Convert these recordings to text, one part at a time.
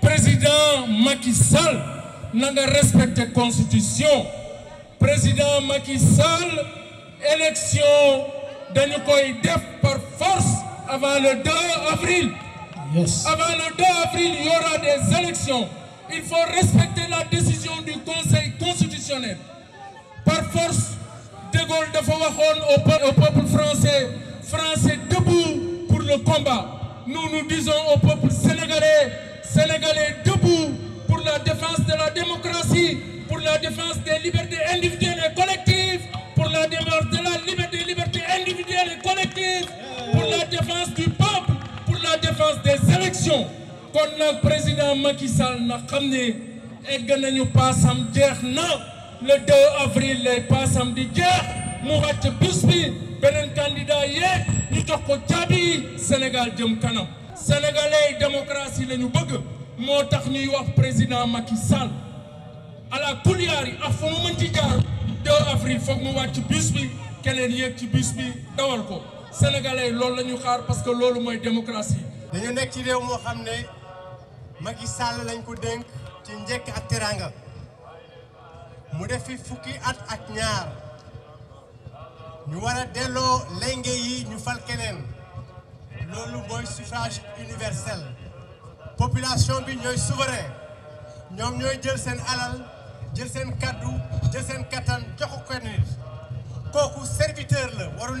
président Macky Sall na nga la constitution président Macky Sall élection de koy par force avant le 2 avril avant le 2 avril, il y aura des élections. Il faut respecter la décision du Conseil constitutionnel. Par force, De Gaulle de au, au peuple français, français debout pour le combat. Nous nous disons au peuple sénégalais, sénégalais debout pour la défense de la démocratie, pour la défense des libertés individuelles et collectives, pour la défense de la liberté, liberté individuelle et collective, pour la défense du conséquence des élections kon nag président Macky Sall na xamné ne egg nañu paasam jeex na le 2 avril lay pas di jeex mu wàcc bis bi un candidat yé ñu jox ko caabi Sénégal jëm kanam sénégalais démocratie lañu bëgg moo tax ñuy wax président Macky Sall à la yi à fo mu jaar 2 avril foog mu wacc bis bi keneen yéeg ci bis bi dawal ko sénégalais lool la xaar parce que loolu moy démocratie dañu nek ci rew mo xamné ne Macky Sall lañ ko denk ci ak mu def fi fukki at ak ñaar ñu wara d'Élo, delloo yi ñu fal suffrage universel population bi ñoy souverain ñoom ñoy jël alal jël sen kaddu jël sen kattan joxu serviteur la warul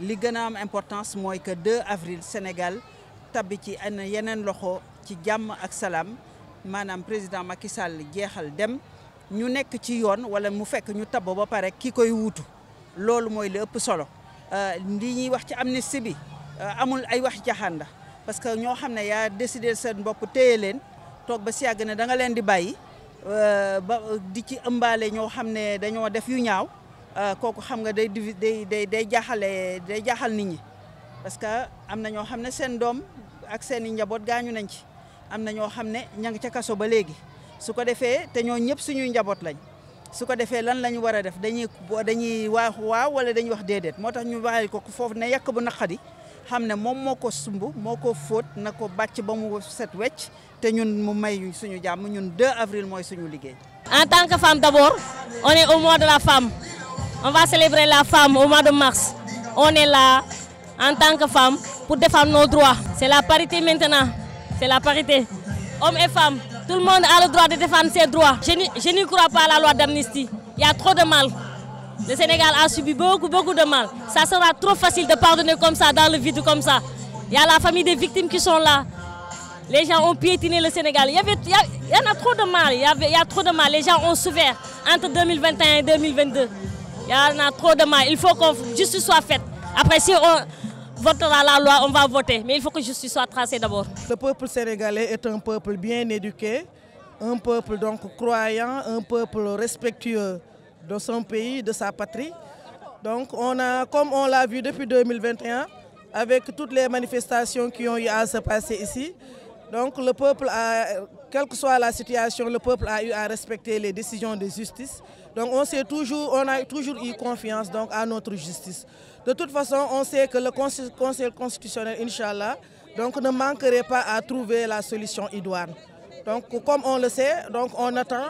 li gën a am importance mooy que 2 avril Sénégal tabbi ci yeneen loxo ci jàmm ak salaam maanaam président Macky Sall jeexal dem ñu nekk ci yoon wala mu fekk ñu tabbo ba pare ki koy wuutu loolu mooy li ëpp solo euh, li ñuy wax ci am ni sibi euh, amul ay wax jaxanda parce que ñoo xam ne yaa décidé seen bopp téye leen toog ba si yàgg na danga leen di bàyyi euh, ba di ci ëmbaale ñoo xam ne dañoo def yu ñaaw Euh, kooku xam nga day divi day day day jaaxale day jaaxal nit ñi parce que am na ñoo xam ne seen doom ak seen i njaboot gaañu nañ ci am na ñoo xam ne ña ngi ca kaso ba léegi su ko defee te ñoo ñëpp suñuy njaboot lañ su ko defee lan la ñu war a def dañuy dañuy wax waaw wala dañuy wax déedéet moo tax ñu waxee ko foofu ne yàq bu naqadi xam ne moom moo ko sumb moo ko fóot na ko bàcc ba mu set wecc te ñun mu may suñu jàmm ñun 2 avril mooy suñu liggéey. en tant que femme d'abord on On va célébrer la femme au mois de mars. On est là en tant que femme pour défendre nos droits. C'est la parité maintenant. C'est la parité. Hommes et femmes, tout le monde a le droit de défendre ses droits. Je, ne crois pas à la loi d'amnistie. Il y a trop de mal. Le Sénégal a subi beaucoup, beaucoup de mal. Ça sera trop facile de pardonner comme ça, dans le vide comme ça. Il y a la famille des victimes qui sont là. Les gens ont piétiné le Sénégal. Il y, en a trop de mal. Il y, il y a trop de mal. Les gens ont souffert entre 2021 et 2022. Il y en a trop de mal. Il faut que justice soit faite. Après, si on votera la loi, on va voter. Mais il faut que justice soit tracée d'abord. Le peuple sénégalais est un peuple bien éduqué, un peuple donc croyant, un peuple respectueux de son pays, de sa patrie. Donc, on a, comme on l'a vu depuis 2021, avec toutes les manifestations qui ont eu à se passer ici, donc le peuple, quelle que soit la situation, le peuple a eu à respecter les décisions de justice. Donc on, sait toujours, on a toujours eu confiance donc, à notre justice. De toute façon, on sait que le Conseil constitutionnel, Inch'Allah, donc, ne manquerait pas à trouver la solution idoine. Donc comme on le sait, donc, on attend.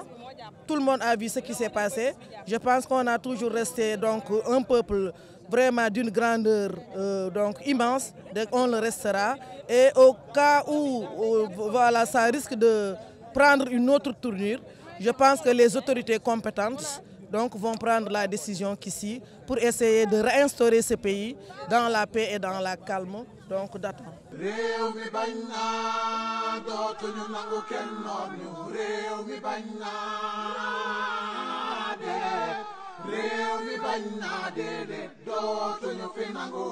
Tout le monde a vu ce qui s'est passé. Je pense qu'on a toujours resté donc, un peuple vraiment d'une grandeur euh, donc immense, on le restera. Et au cas où euh, voilà, ça risque de prendre une autre tournure, je pense que les autorités compétentes donc, vont prendre la décision qu'ici pour essayer de réinstaurer ce pays dans la paix et dans la calme. Donc réew mi bañ naa déedéet dootuñu fi nangu